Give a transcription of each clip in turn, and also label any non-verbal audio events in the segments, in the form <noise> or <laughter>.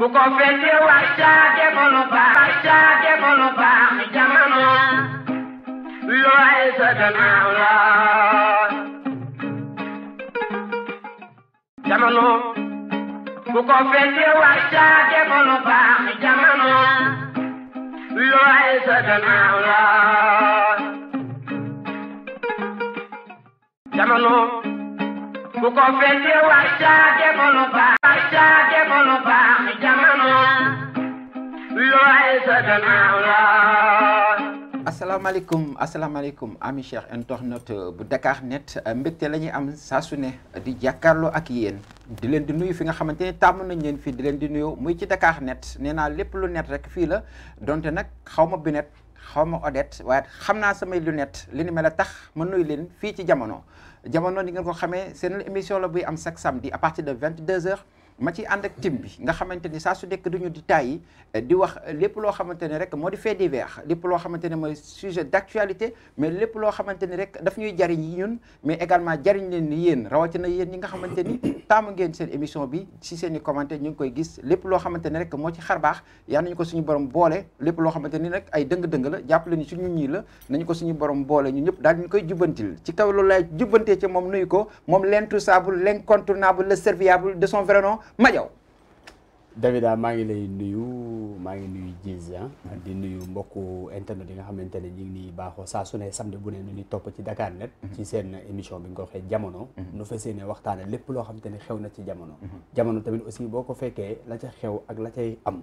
bu ko fekkee waay jaage ko lu baax waay jaage sa gannaaw la jamono bu ko fekkee waay jaage ko lu baax jamono looy sa gannaaw la jamono bu ko fekkee waay jaage ko lu jaate ko lu baax jamono looy sa gannaaw la asalaamaaleykum asalaamaaleykum ami cher internet bu Dakar Net mbégte la ñuy am saa su ne di jàkkaarloo ak yéen di leen di nuyu fi nga xamante ni tàmm nañ leen fii di leen di nuyu muy ci Dakar Net nee naa lépp lu net rek fii la donte nag xaw ma binet xaw ma odet waaye xam naa samay lunette li ni mel a tax ma nuyu leen fii ci jamono jamono ni ngeen ko xamee seen émission la buy am chaque samedi à partir de 22h. ma ci ànd ak tim bi nga xamante ni saa su nekk duñu di tàyyi eh, di wax eh, lépp loo xamante ne rek moo di fait divers lépp loo xamante ne mooy sujet d'actualité mais lépp loo xamante ni rek daf ñuy jariñ yi ñun mais également jariñ leen ni yéen rawatina yéen ñi nga xamante ni <coughs> taamu ngeen seen émission bi si seen i commentaire ñu ngi koy gis lépp loo xamante ne moo ci xar baax yal nañu ko suñu borom boole lépp loo xamante ni rek ay dëng-dëng la jàpp leen suñu ñii la nañu ko suñu borom boole ñu ñëpp daal ñu koy jubbantil ci kaw loolu laay jubbantee ci moom nuyu ko moom l'intouchable l'incontournable le serviable de son vrai Madiaw Davida maa ngi lay nuyu maa ngi nuyu Dieng ah di nuyu mbokku internet yi nga xamante ne ñu ngi nii baaxoo saa su ne samedi bu ne ñu ngi topp ci Dakar Net. Mhm. ci seen émission bi nga ko waxee jamono. Mhm. nu fas yéene waxtaanee lépp loo xamante ne xew na ci jamono. Mhm. jamono tamit aussi boo ko fekkee la ca xew ak la cay am.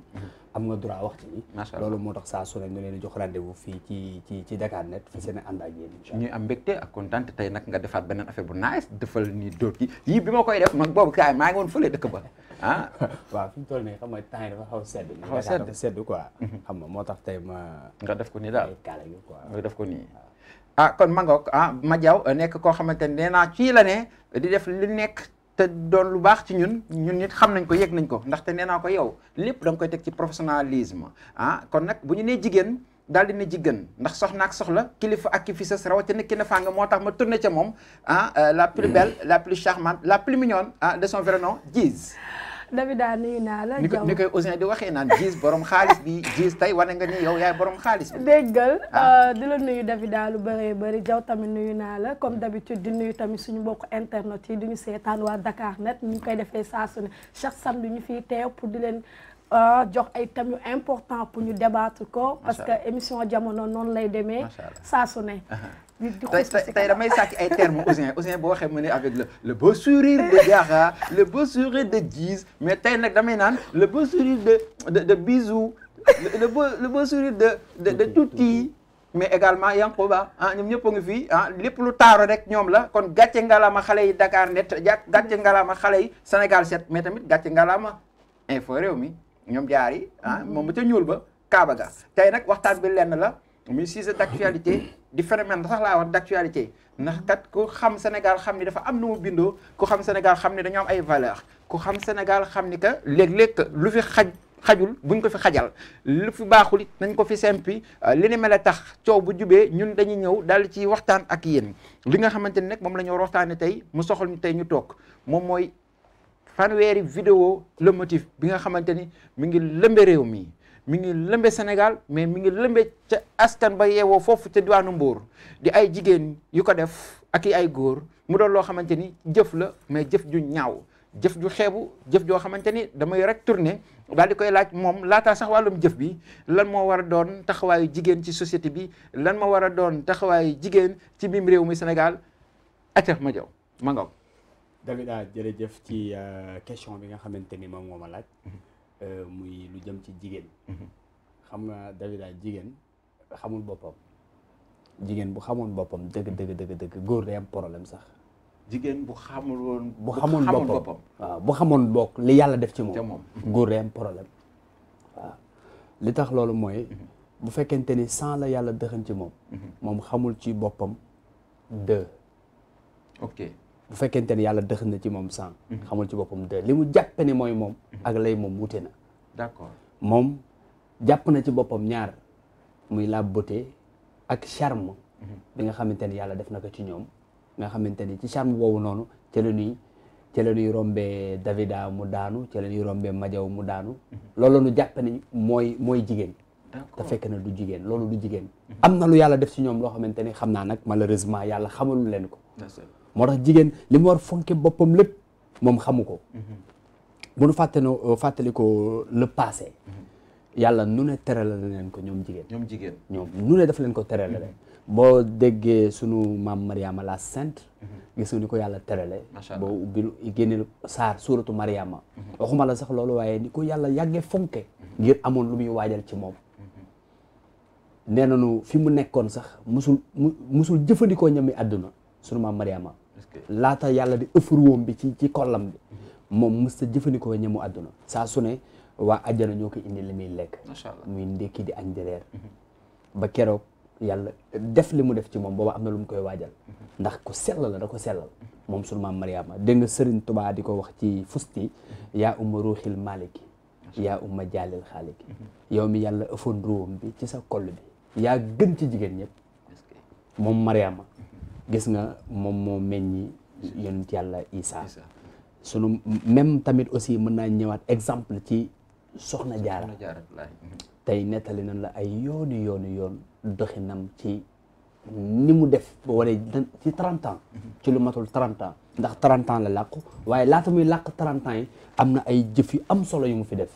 am nga droit wax ci macha allah loolu moo tax saa su ne ñu leen di jox rendez-vous fii ci ci net fa seen ànd ak yéen ñuy am mbégte ak kontaan tey nag nga defaat beneen affaire bu nice defal ni dóor ki yii bi ma koy def man boobu kaay maa ngi woon fële dëkk ba ah <laughs> waaw fi mu toll nii xam nga mhm. xam nga moo tax tey ma nga def ko nii daal kaala gi quoi nga def ko nii a ah, kon ma ngoog ah ma jaw nekk koo xamante ne nee naa ci la ne di def li nekk te doon lu baax ci ñun ñun nit xam nañ ko yëg nañ ko ndaxte nee naa ko yow lépp da koy teg ci professionnalisme ah kon nag bu ñu nee jigéen daal di ne jigéen ndax soxna ak soxla kilifa ak ki fi sës rawatina ki ne faa nga moo tax ma tourné ca moom ah euh, la plus mm. belle la plus charmante la plus mignonne ah de son vrai nom Diz Davida nuyu naa la. ni ko ni koy Ousin di waxee naan gis borom xaalis bi gis tey wane nga ni yow yaay boroom xaalis bi. déggal ah. euh, di la nuyu Davida lu bëree bëri jaw tamit nuyu naa la comme d'habitude di nuyu tamit suñu mbokk internet yi di ñu seetaan waa dakaar net ñu koy defee saa su ne chaque samedi ñu fiy teew pour di leen. Euh, jox ay thèmes important pour ñu debaatu ko. parce que émission jamono noonu lay demee. saa ne. tey damay sàkk ay termes Ouzin Ouzin boo waxee mu ne avec le la beau sourire de <laughs> Diarra le beau sourire de Djiz mais tey nag damay naan le beau sourire de de de Bisou le beau le beau de de de Tuuti mais également Yankoba ba ah, ñoom ñëpp ngi fii ah lépp lu taaru rek ñoom la kon gàcce ngalaama xale yi Dakar net gàcce ngalaama xale yi Sénégal set mais tamit gàcce ngalaama info réew mi ñoom jaar ah, mm-hmm. moom mu ca ñuul ba Kaaba ga tey nag waxtaan bi lenn la muy sujet d'actualité. di phénomène sax laa wax d'actualité ndax kat ku xam Sénégal xam ni dafa am nu mu bindoo ku xam Sénégal xam ni dañoo am ay valeur ku xam Sénégal xam ni que léeg-léeg lu fi xaj xajul buñ ko fi xajal lu fi baaxul it nañ ko fi sempi euh, li ni mel a tax coow bu jubee ñun dañuy ñëw daal ci waxtaan ak yéen li nga xamante ni nag moom lañu war waxtaane tey mu soxal ñu tey ñu toog moom mooy fanweeri vidéo le bi nga xamante ni mu ngi lëmbe réew mi mi ngi lëmbe Sénégal mais mi ngi lëmbe ca askan ba yeewoo foofu ca diwaanu Mbour di ay jigéen yu ko def ak i ay góor mu doon loo xamante ni jëf la mais jëf ju ñaaw jëf ju xeebu jëf joo xamante ni damay rek tourner di koy laaj moom laataa sax wàllum jëf bi lan moo war a doon taxawaayu jigéen ci société bi lan moo war a doon taxawaayu jigéen ci biim réew mi Sénégal atef ma jaw ma ngaw David ah, jërëjëf ci euh, question bi nga xamante ni moom moo laaj mm-hmm. Euh, muy lu jëm ci jigéen mhm. xam nga Davida jigéen xamul boppam jigéen bu xamoon boppam dëgg dëgg dëgg dëgg góor day am problème sax jigéen bu xamul woon bu xamul bu xamoon bokk li yàlla def ci moom <laughs> góor day am problème li tax loolu mooy mhm. bu fekkente ni sans la yàlla dëxan ci moom mhm. moom xamul ci boppam deux bu fekkente ne yàlla dëx na ci moom sang mhm. xamul ci boppam de li mu jàppani mooy moom mhm. ak lay moom wute na d'accord moom jàpp na ci boppam ñaar muy la beauté ak charme mhm. bi nga xamante ni yàlla def na ko ci ñoom nga xamante ni ci charme boobu noonu ci la ñuy ci la ñuy rombee Davida mu daanu ci la ñuy rombee Majaw mu daanu loolu nu jàpp ni mooy mooy jigéen te fekk na du jigéen loolu du jigéen am na lu yàlla def ci ñoom loo xamante ni xam naa nag malheureusement yàlla xamalul leen ko moo tax jigéen li mu war fonke boppam lépp moom xamu ko bu nu fàtte euh, fàttali ko la passé yàlla nu ne terale la leen ko ñoom jigéen ñoom jigéen ñoom nu ne daf leen ko terale leen boo déggee sunu maam Mariama la sainte gis nga ni ko yàlla terale boo ubbi génne saar suuratu Mariama mhm. waxuma la sax loolu waaye ni ko yàlla yàggee fonke ngir amoon lu muy waajal ci moom nee nañu fi mu nekkoon sax musul musul jëfandikoo ñami àdduna sunu maam Mariama laata yàlla di ëffur woom bi ci ci kollam bi moom mës ta jëfandikoo ñamu àdduna saa su ne waa àjjana ñoo ko indi li muy lekk muy ndékki di añ di reer mhm. ba keroog yàlla def li mu def ci moom booba am na lu mu koy waajal mhm. ndax ku sell la da ko sellal moom sunu maam Mariama dégg nga Sëriñ Tuubaa di ko wax ci fusti mhm. yaa uma ruuxil maliki yaa uma jaalil xaaliki yow mi yàlla ëffoon bi ci sa koll bi yaa gën ci jigéen ñëpp moom Mariama gis nga moom moo meññi yonent yàlla Isa sunu même tamit aussi mën naa ñëwaat exemple ci soxna jaara tey nettali nañ la ay yoonu yoonu yoon doxinam ci ni mu def ba ci 30 ci lu matul 30 ndax 30 la làqu waaye laata muy làq 30 yi am na ay jëf yu am solo yu mu fi def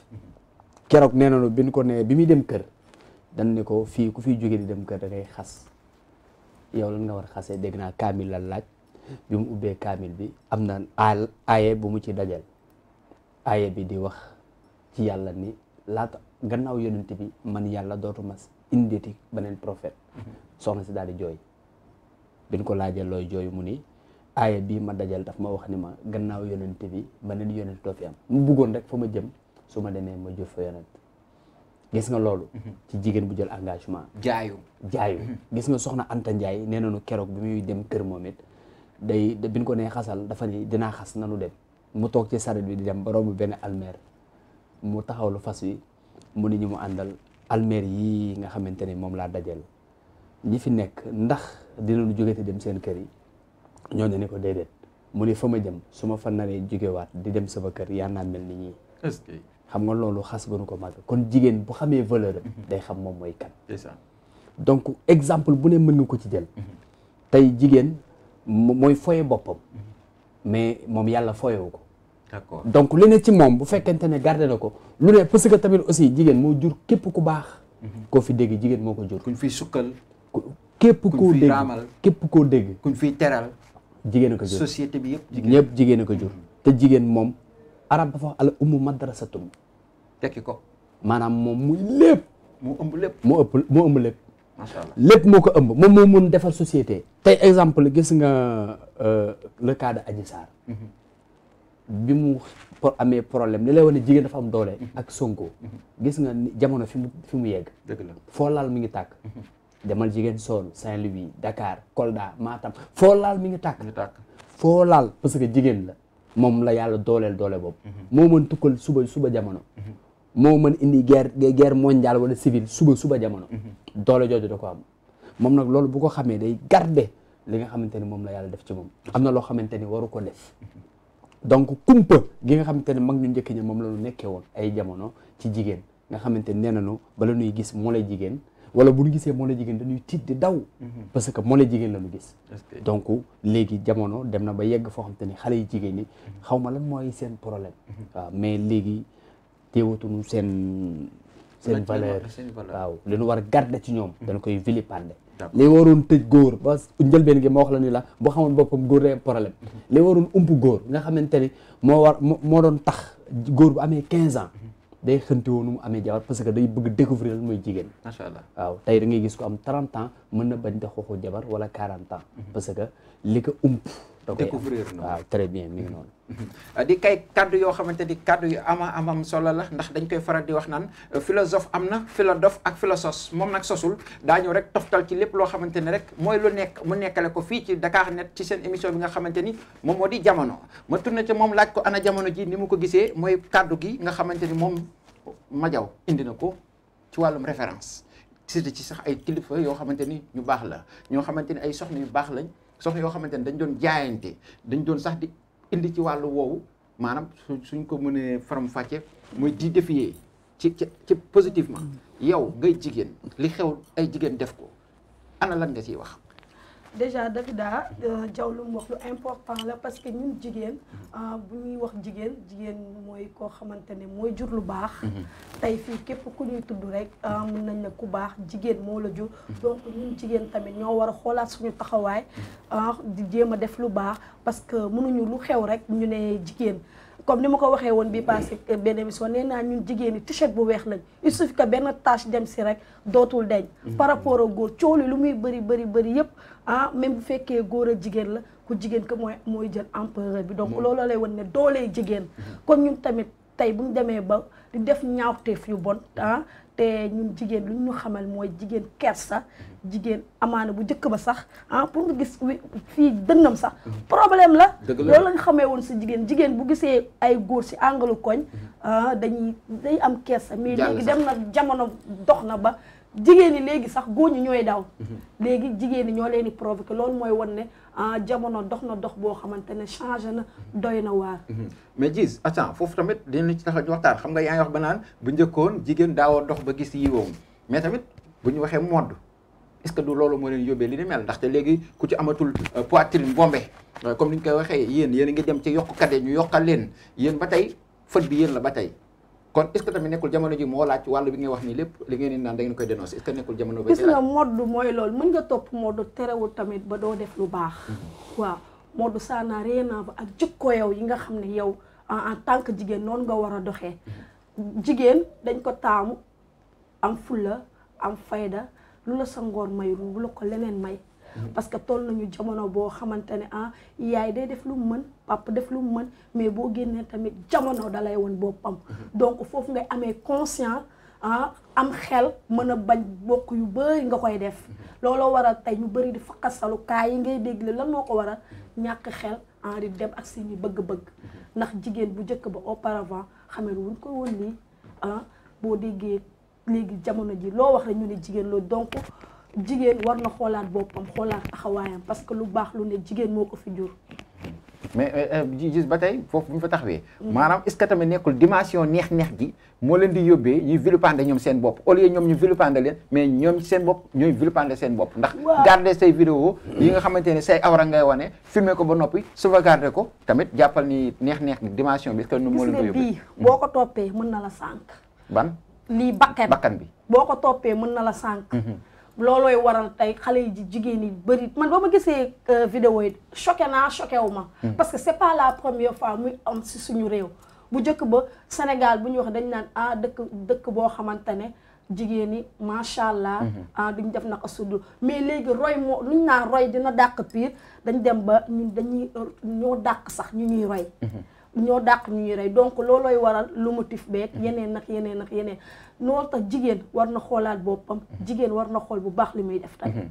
keroog nee nañu bi ñu ko nee bi muy dem kër dañ ne ko fii ku fiy jóge dem kër ngay xas yow lan nga war a xasee dégg naa kaamil la laaj bi mu ubbee kaamil bi am na aaye bu mu ci dajal aaye bi di wax ci yàlla ni laata gannaaw yonent bi man yàlla dootuma inditi beneen soo mhm. soxna si daal di jooy biñ ko laajal looy jooy mu ni aaye bii ma dajal daf ma wax ni ma gannaaw yonent bi beneen yonent doo fi am mu buggoon rek fa ma jëm su ma demee ma jëf fa yonent gis nga loolu mhm. ci jigéen bu jël engagement jaayu jaayu mhm. gis nga soxna Anta Ndiaye nee nañu keroog bi muy dem kër moom it day biñ ko nee xasal dafa ni dinaa xas na nanu dem mu toog ci saret bi di dem ba romb benn almeer mu taxaw taxawlu fas wi mu ni ñu mu àndal almeer yii nga xamante ni moom laa dajal ñi fi nekk ndax dinañu jógete dem seen kër yi ñoo ne ko déedéet mu ne fa ma jëm su ma fa naree jógewaat di dem sama kër yaa naa mel ni ñii xam nga loolu xas gënu ko màgg kon jigéen bu xamee valeur mhm. day xam moom mooy kan. donc exemple bu ne mën nga ko ci jël. Mhm. tey jigéen mooy foye boppam. Mhm. mais moom yàlla foyewu ko. d'accord donc li ne ci moom bu fekkente ne garder na ko lu ne parce que tamit aussi jigéen moo jur képp ku baax. koo fi dégg jigéen moo ko jur. kuñ fiy sukkal. képp koo dégg képp koo dégg. kuñ fiy teral. jigéen a ko jur société bi yëpp jigéen ñëpp jigéen a ko jur. te jigéen moom arab dafa wax al ummu madrasatun tekki ko maanaam moom muy lépp mu ëmb lépp moo ëpp moo ëmb lépp macha allah lépp moo ko ëmb moom moo mun defar société tey exemple gis nga euh, le cas de Adji Sarr mhm. bi mu amee problème li wane jigéen dafa am doole mhm. ak Sonko gis nga jamono fi mu fi mu yegg la foo laal mu ngi tàkk mhm. demal jigéen soon Saint-Louis Dakar Kolda Matam foo laal mi ngi takk foo laal parce que jigéen la moom la yàlla dooleel doole boobu. Mhm. moo mën tukkal suba suba jamono. Mhm. moo mën indi guerre guerre mondiale wala civile suba suba jamono. Mhm. doole jooju da ko am moom nag loolu bu ko xamee day garde li nga xamante ni moom la yàlla def ci moom am na loo xamante ni waru ko def. donc kumpa gi nga xamante ne mag ñu njëkk ña moom la ñu nekkee woon ay jamono ci jigéen nga xamante ne nee nañu bala nuy gis moo lay jigéen. wala bu ñu gisee mbooloo jigéen dañuy tiit di daw. Mhm. parce que mbooloo jigéen la ñu gis. donc léegi jamono dem na ba yegg foo xam te ni xale yi jigéen ñi mhm. xaw ma lan mooy seen problème. Mhm. mais léegi teewatuñu seen. seen valeur waaw li ñu war a garder ci ñoom. dañ koy vilipender. li waroon tëj góor ba njëlbeen gi ma wax la ni la boo xamoon boppam góor day problème. li waroon ump góor nga xamante ni moo war moo doon tax góor bu amee quinze ans. day xënti woonu mu jabar parce que day bëgg découvrir lan mooy jigéen macha allah waaw da ngay am 30 ans mën na bañ da xooxu jabar wala 40 ans mhm. parce que ump découvrir na ah, waaw très bien mi ngi <laughs> di kay kàddu yoo xamante ni kaddu yu ama amam solo la ndax dañ koy faral di wax naan euh, philosophe am na philodof ak philosos moom nag sosul daañu rek toftal ci lépp loo xamante ni rek mooy lu nekk mu nekkale ko fii ci Dakar Net ci seen émission bi nga xamante ni moom moo di jamono ma tourné ca moom laaj ko ana jamono ji ni mu ko gisee mooy kàddu gi nga xamante ni moom Madiaw indi na ko ci wàllum référence ci sax ay kilifa yoo xamante ni ñu baax la ñoo xamante ni ay soxna yu lañ soxna yoo xamante ne dañ doon jaayante dañ doon sax di indi ci wàllu woowu maanaam su suñ ko mënee faram fàcce mooy di défier ci ci positivement mm. yow ngay jigéen li xew ay jigéen def ko ana lan nga ciy wax déjà Davida euh, Diaw lu mu wax lu important la parce que ñun jigéen euh, bu ñuy wax jigéen jigéen mooy koo xamante ne mooy jur lu baax mhm. tey fii képp ku ñuy tudd rek euh, mun nañ ne ku baax jigéen moo la jur mhm. donc ñun jigéen tamit ñoo war a xoolaat suñu taxawaay mhm. di jéem a def lu baax parce que mënuñu lu xew rek ñu ne jigéen comme ni ma ko waxee woon bi passé benn émission nee naa ñun jigéen ñi t-shirt bu weex lañ il suffit que benn tâche dem si rek dootul deñ par rapport a góor coow lu muy bëri bëri bëri yëpp ah même bu fekkee góor a jigéen la ku jigéen ko mooy mooy jël empereur bi donc looloo lay woon ne doolee jigéen kon mhm. ñun tamit tey bu ñu demee ba di def ñaawteef yu bon ah te ñun jigéen lu ñu xamal mooy jigéen sax mhm. jigéen amaana bu njëkk ba sax ah pour nga gis fii dënnam sax mhm. problème la loolu lañ xamee woon si jigéen jigéen bu gisee ay góor si àngalu koñ ah, dañuy dañ am kersa mais léegi dem na jamono dox na ba jigéen ñi léegi sax góor ñu ñooy daw. Mhm. léegi jigéen ñi ñoo leen di provoqué loolu mooy wan ne ah jamono dox na dox boo xamante ne changé na mhm. doy na waar. Mhm. mais gis attends foofu tamit dinañ ci tax ñu waxtaan xam nga yaa ngi wax ba naan bu njëkkoon jigéen daawoo dox ba gis yi woom mais tamit bu ñu waxee modd est-ce que du loolu moo leen yóbbee li ni mel ndaxte léegi ku ci amatul euh, poitrine bombe euh, comme ni ñu koy waxee yéen yéen a ngi dem ci yokk kade ñu yokkal leen yéen ba tey fët bi yéen la ba tey. kon est ce que tamit nekkul jamono ji moo laaj wàllu bi ngay wax nii lépp li ngeen di naan da ngeen koy dénoncer est ce que nekkul jamono ba gis nga modd mooy loolu mën nga topp modd terewul tamit ba doo def lu baax mm-hmm. waaw modd ça n'a rien à voir ak jikko yow yi nga xam ne yow en tant que jigéen noonu nga war a doxee mm-hmm. jigéen dañ ko taamu am fulla am fayda lu la sa ngoor may lu la ko leneen may mm-hmm. parce que toll nañu jamono boo xamante ne ah yaay day def lu mën papa def lu mu mën mais boo génnee tamit jamono dalay woon boppam donc foofu ngay amee conscient ah am xel mën a bañ bokk yu bëri nga koy def looloo waral tey ñu bëri di faqasalu kaa yi ngay dégle lan moo ko waral ñàkk xel ah di dem ak seeni bëgg-bëgg ndax jigéen bu njëkk ba auparavant xamee wuñ ko woon nii ah, boo déggee léegi jamono ji loo wax rek ñu ne jigéen loolu donc jigéen war na xoolaat boppam xoolaat taxawaayam parce que lu baax lu ne jigéen moo ko fi jur mais gis euh, euh, ba tey foofu bu ñu fa taxawee. maanaam est-ce que tamit nekkul dimension neex-neex gi moo leen di yóbbee ñuy vilipender ñoom seen bopp au lieu ñoom ñu vilipender leen mais ñoom seen bopp ñooy vilipender seen bopp ndax. garder say vidéo yi nga xamante ne say awra ngay wane filmer ko ba noppi sauvegarder ko tamit jàppal ni neex-neex gi dimension bi est que moo leen ko yóbbee. bii boo ko toppee mën na la sànq. ban lii bakkan bakkan bi. boo ko toppee mën na la sànq. Mhm. loolooy waral tey xale yi jigéen yi bëri man ba ma gisee euh, video yi choqué naa choqué wu ma. Mm. parce que c'est pas la première fois muy am si suñu réew. bu njëkk ba Sénégal bu ñu wax dañ naan ah dëkk dëkk boo xamante ne jigéen yi macha allah. Mm-hmm. ah duñ def naka sudu mais léegi roy moo luñ naan roy dina dàq pire dañ dem ba ñun dañuy ñoo dàq sax ñu ñuy roy. Mm-hmm. ñoo dàq ñu ñuy donc loolooy waral lu motif beeg mm-hmm. yeneen nag yeneen nag yeneen. noo tax jigéen war na xoolaat boppam mhm. jigéen war na xool bu baax li muy def tey mhm.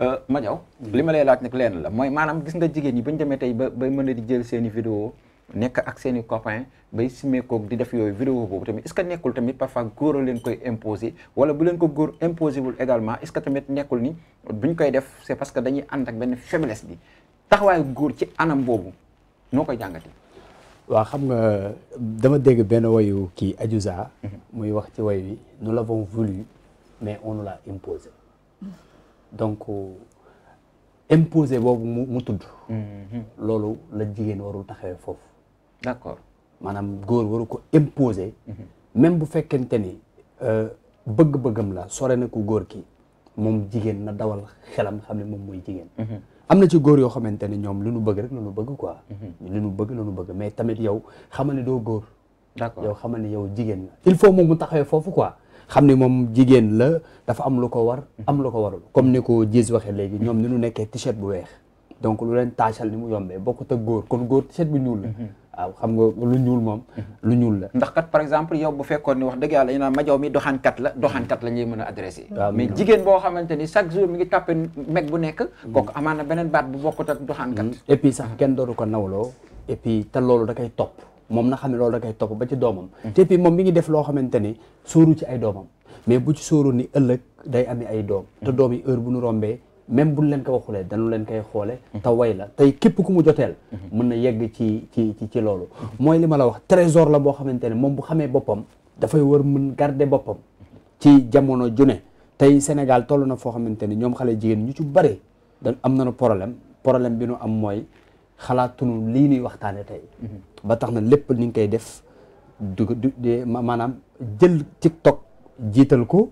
euh, Madiaw li ma lay laaj nag leen la mooy maanaam gis nga jigéen ñi bañ demee tey ba bay mën a di jël seeni vidéo nekk ak seeni copain bay simeekoog di def yooyu vidéo boobu tamit est que nekkul tamit parfois góor a leen koy imposer wala bu leen ko góor imposer wul également est-ce que tamit nekkul ni ñu koy def c'est parce que dañuy ànd ak benn faiblesse bi taxawaayu góor ci anam boobu noo koy jàngate waaw xam nga dama dégg benn wayu kii Adiouza. Mhm. muy wax ci way wi la l'avons voulu mais on l'a imposé. Mhm. donc euh, imposé boobu mu mu tudd. Mhm. loolu la jigéen warul taxawee foofu. d'accord maanaam góor waru ko imposé. même bu fekkente ni euh, bëgg-bëggam la sore na ko góor ki moom jigéen na dawal xelam xam ne moom mooy jigéen. am na ci góor yoo xamante ne ñoom lu nu bëgg rek lu nu bëgg quoi. Mhm. lu nu bëgg lu nu bëgg mais tamit yow xamal ne doo góor. d'accord yow xamal ne yow jigéen la il faut moom mu taxawee foofu quoi. xam ne moom jigéen la dafa am lu ko war mhm. am lu ko warul comme ni ko gis waxee léegi ñoom ni nu nekkee t-shirt bu weex donc lu leen taachal ni mu yombee bokkut ak góor kon góor t-shirt bu ñuul la mhm. waaw xam nga lu ñuul moom lu ñuul la ndax kat par exemple yow bu fekkoon ni wax dëgg yàlla ñu naan Madiaw mi doxaankat la doxaankat la ñuy mën a adressé mais jigéen boo xamante ni chaque jour mi ngi tàppe meg bu nekk kooku amaan na beneen baat bu bokkut ak doxaankat mm. et puis sax kenn dooru ko nawloo et te loolu da koy topp moom na xam ne loolu da koy topp ba ci doomam te mm. et moom mi ngi def loo xamante ni sóoru ci ay doomam mais bu ci sóoroon ni ëllëg day amee ay doom mm. te doom yi bu nu rombee même buñ leen ko waxulee dañu leen koy xoole taway la tey képp ku mu joteel mun na yegg ci ci ci ci loolu mooy li ma la wax trésor la boo xamante ne moom bu xamee boppam dafay war mun garder boppam ci jamono june tey Sénégal toll na foo xamante ni ñoom xale jigéen ñu ci bëri da am nu problème problème bi nu am mooy xalaatunu lii nuy waxtaane tey ba tax na lépp ni nga koy def du du maanaam jël TikTok jiital ko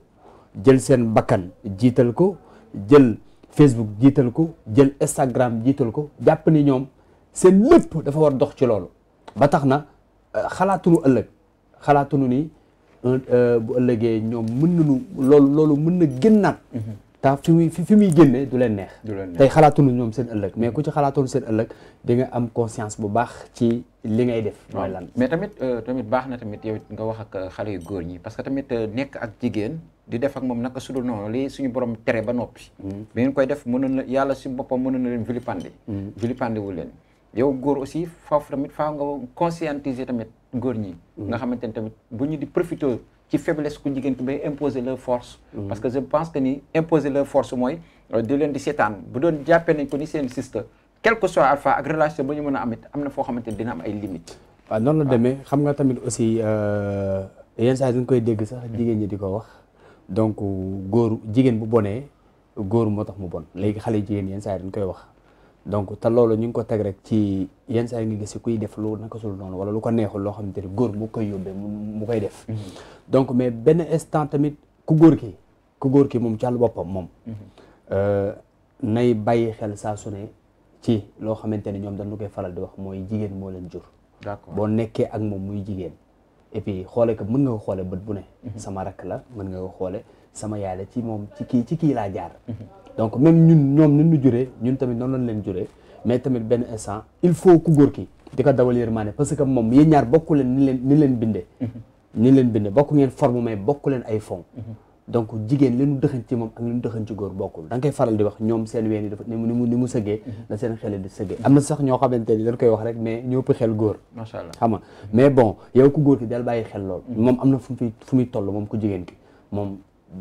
jël seen bakkan jiital ko jël Facebook jiital ko jël Instagram jiital ko jàpp ni ñoom seen lépp dafa war dox ci loolu ba tax na euh, xalaatunu ëllëg xalaatunu ni euh, euh, bu ëllëgee ñoom mën nañu loolu loolu mën na génnaat mhm. te fi muy fi muy génnee du leen neex. du leen neex tey xalaatuñu ñoom seen ëllëg mm. mais ku ci xalaatoon seen ëllëg di nga am conscience bu baax ci li ngay def. mooy mais tamit euh, tamit baax na tamit yow nga wax ak euh, xale yu góor ñi parce que tamit euh, nekk ak jigéen di def ak moom naka su dul noonu li suñu borom tere ba noppi. Mm. bi ngeen koy def mënoon yàlla si boppam mënoon na leen vilipande. Mm. vilipande wu leen. yow góor aussi faafu tamit faaw nga conscientiser tamit góor ñi. nga xamante ne tamit bu ñu di profité. di faiblesse ku jigéen ki bay imposer leur force. Mhm. parce que je pense que ni imposer leur force mooy euh, di leen di seetaan bu doon jàppee nañ ko ni seen siste quel que soit alpha ak relation ba ñu mën a amit am na foo xamante ni dina am ay limites. waaw noonu la demee xam nga tamit aussi euh, yenn saa yi dañ koy dégg sax jigéen ñi di ko wax donc góor jigéen bu bonee góor moo tax mu bon léegi xale jigéen yenn saa yi dañ koy wax. donc te loolu ñu ngi ko teg rek ci yenn saa yi nga gis kuy def lu naka sul noonu wala lu ko neexul loo xamante ni góor mu koy yóbbee mu koy def mhm. donc mais benn instant tamit ku góor ki ku ki moom ci boppam moom mhm. euh, nay bàyyi xel saa su ne ci loo xamante ne ñoom dañu koy faral di wax mooy jigéen moo leen jur d'accord boo nekkee ak moom muy jigéen et puis xoole ko mën nga ko xoole bët bu ne mhm. sama rakk la mën nga ko xoole sama yaay ci moom ci kii ci kii laa jaar donc même ñun ñoom ñun ñu juree ñun tamit noonu la leen juree mais tamit benn instant il faut ku góor ki di ko dawal yërmaane parce que moom yéen ñaar bokku leen leen ni leen bindee mhm. ni leen bindee bokk ngeen forme mais bokku leen ay fond mhm. donc jigéen li nu ci moom ak li góor bokkul da nga koy di wax ñoom seen ween yi dafa ni mu ni mu sëggee la mhm. seen xel di sëggee am sax ñoo xamante ni dañ koy wax rek mais ñoo xel góor macha allah xam mais bon yow ku góor ki dal bàyyi xel lool moom am na fu mu fi fu muy toll moom ku jigéen ki moom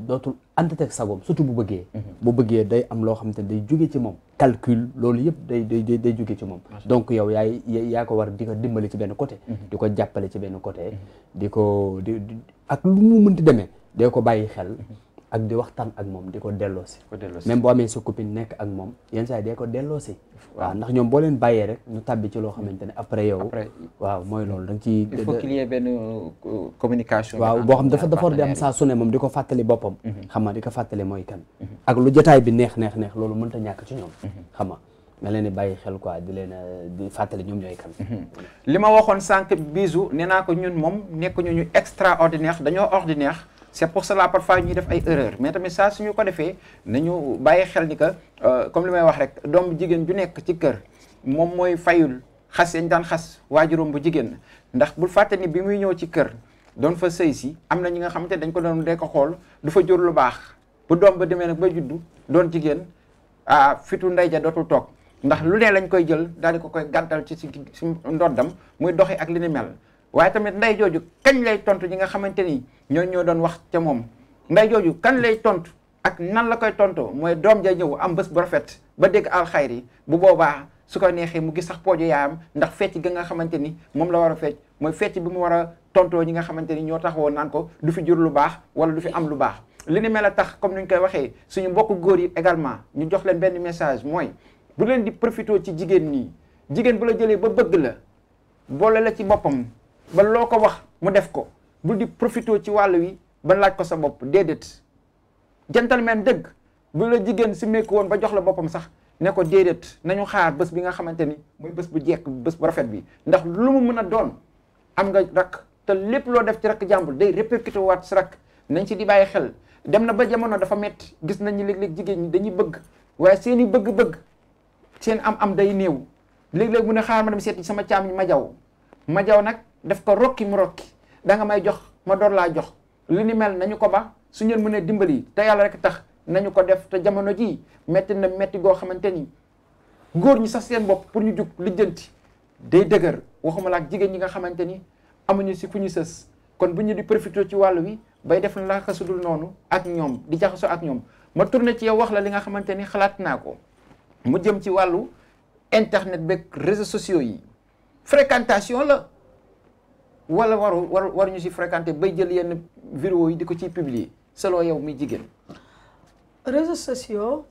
dootul àndateeg sagoom surtout bu bëggee. bu bëggee day am loo xamante ne day jóge ci moom. calcul loolu yëpp day day day jóge ci moom. donc yow yaay yaa ko war di ko dimbali ci benn côté. Mhm. di ko jàppale ci benn côté. Mhm. di ko di ak lu mu ti demee. dee ko bàyyi xel. Mhm. ak di waxtaan ak moom di ko delloosi. même boo amee sa copine nekk ak moom yenn saa dee ko delloosi. waaw ndax ñoom boo leen bàyyee rek ñu tàbbi ci loo mm. xamante ne après yow. waaw mooy loolu da nga ciy. il benn euh, communication. waaw boo xam dafa dafa war di am saa su ne moom di ko fàttali boppam. Mm-hmm. xam nga di ko fàttali mooy kan. Mm-hmm. ak lu jotaay bi neex neex neex loolu mënut a ñàkk ci ñoom. Mm-hmm. xam nga nga leen di bàyyi xel quoi di leen euh, di fàttali ñoom ñooy kan. li ma waxoon sànq bisu nee naa ko ñun moom nekk ñu ñu extraordinaire dañoo ordinaire. c'est pour cela parfois ñuy def ay erreurs mais tamit saa ñu ko defee nañu bàyyi xel ni que euh, comme li may wax rek doom bu jigéen ju nekk ci kër moom mooy fayul xas yañ daan xas waajuram bu jigéen ndax bul fàtte ni bi muy ñëw ci kër doon fa sëy si am na ñi nga xamante dañ ko doon dee ko xool du fa jur lu baax bu doom ba demee nag ba juddu doon jigéen ah fitu ndey ja dootul toog ndax lu ne lañ koy jël daal di ko koy gàntal ci si si ndoddam muy doxi ak li ni mel waaye tamit nday jooju kañ lay tontu ñi nga xamante ni ñoo ñoo doon wax ca moom nday jooju kañ lay tontu ak nan la koy tontoo mooy doom ja ñëw am bés bu rafet ba dégg alxayri bu boobaa su ko neexee mu gis sax pooju yaayam ndax fecc ga nga xamante ni moom la war a fecc mooy fecc bi mu war a tontoo ñi nga xamante ni ñoo taxawoo naan ko du fi jur lu baax wala du fi am lu baax li ni mel a tax comme ni ñu koy waxee suñu mbokk góor yi également ñu jox leen benn message mooy bu leen di profité ci jigéen ñi jigéen bu la jëlee ba bëgg la boole la ci boppam ba loo ko wax mu def ko bu di profité ci wàll wi ba laaj ko sa bopp déedéet gentleman dëgg bu la jigéen si meeku woon ba jox la boppam sax ne ko déedéet nañu xaar bés bi nga xamante ni mooy bés bu jekk bés bu rafet bi ndax lu mu mën a doon am nga rakk te lépp loo def ci rakk jàmbur day répercuté waat si rakk nañ si di bàyyi xel dem na ba jamono dafa métti gis nañ ni léeg-léeg jigéen ñi dañuy bëgg waaye seeni i bëgg-bëgg seen am-am day néew léeg-léeg mu ne xaar ma dem sama caam ma jaw ma jaw nag daf ko rokki mu rokki da may jox ma door laa jox li ni mel nañu ko ba su ñeen mënee dimbali te yàlla rek tax nañu ko def te jamono jii métti na métti goo xamante ni góor ñi sax seen bopp pour ñu jug lijjanti day dëgër waxuma la ak jigéen ñi nga xamante ni amuñu si fu ñu sës kon bu ñu di profité ci wàll wi bay def na laa sudul noonu ak ñoom di jaxasoo ak ñoom ma tourné ci yow wax la li nga xamante ni xalaat naa ko mu jëm ci wàllu internet beeg réseaux sociaux yi wala waru war waruñu si fréquenter bay jël yenn vidéo yi di ko ciy publier solo yow muy jigéen. réseaux sociaux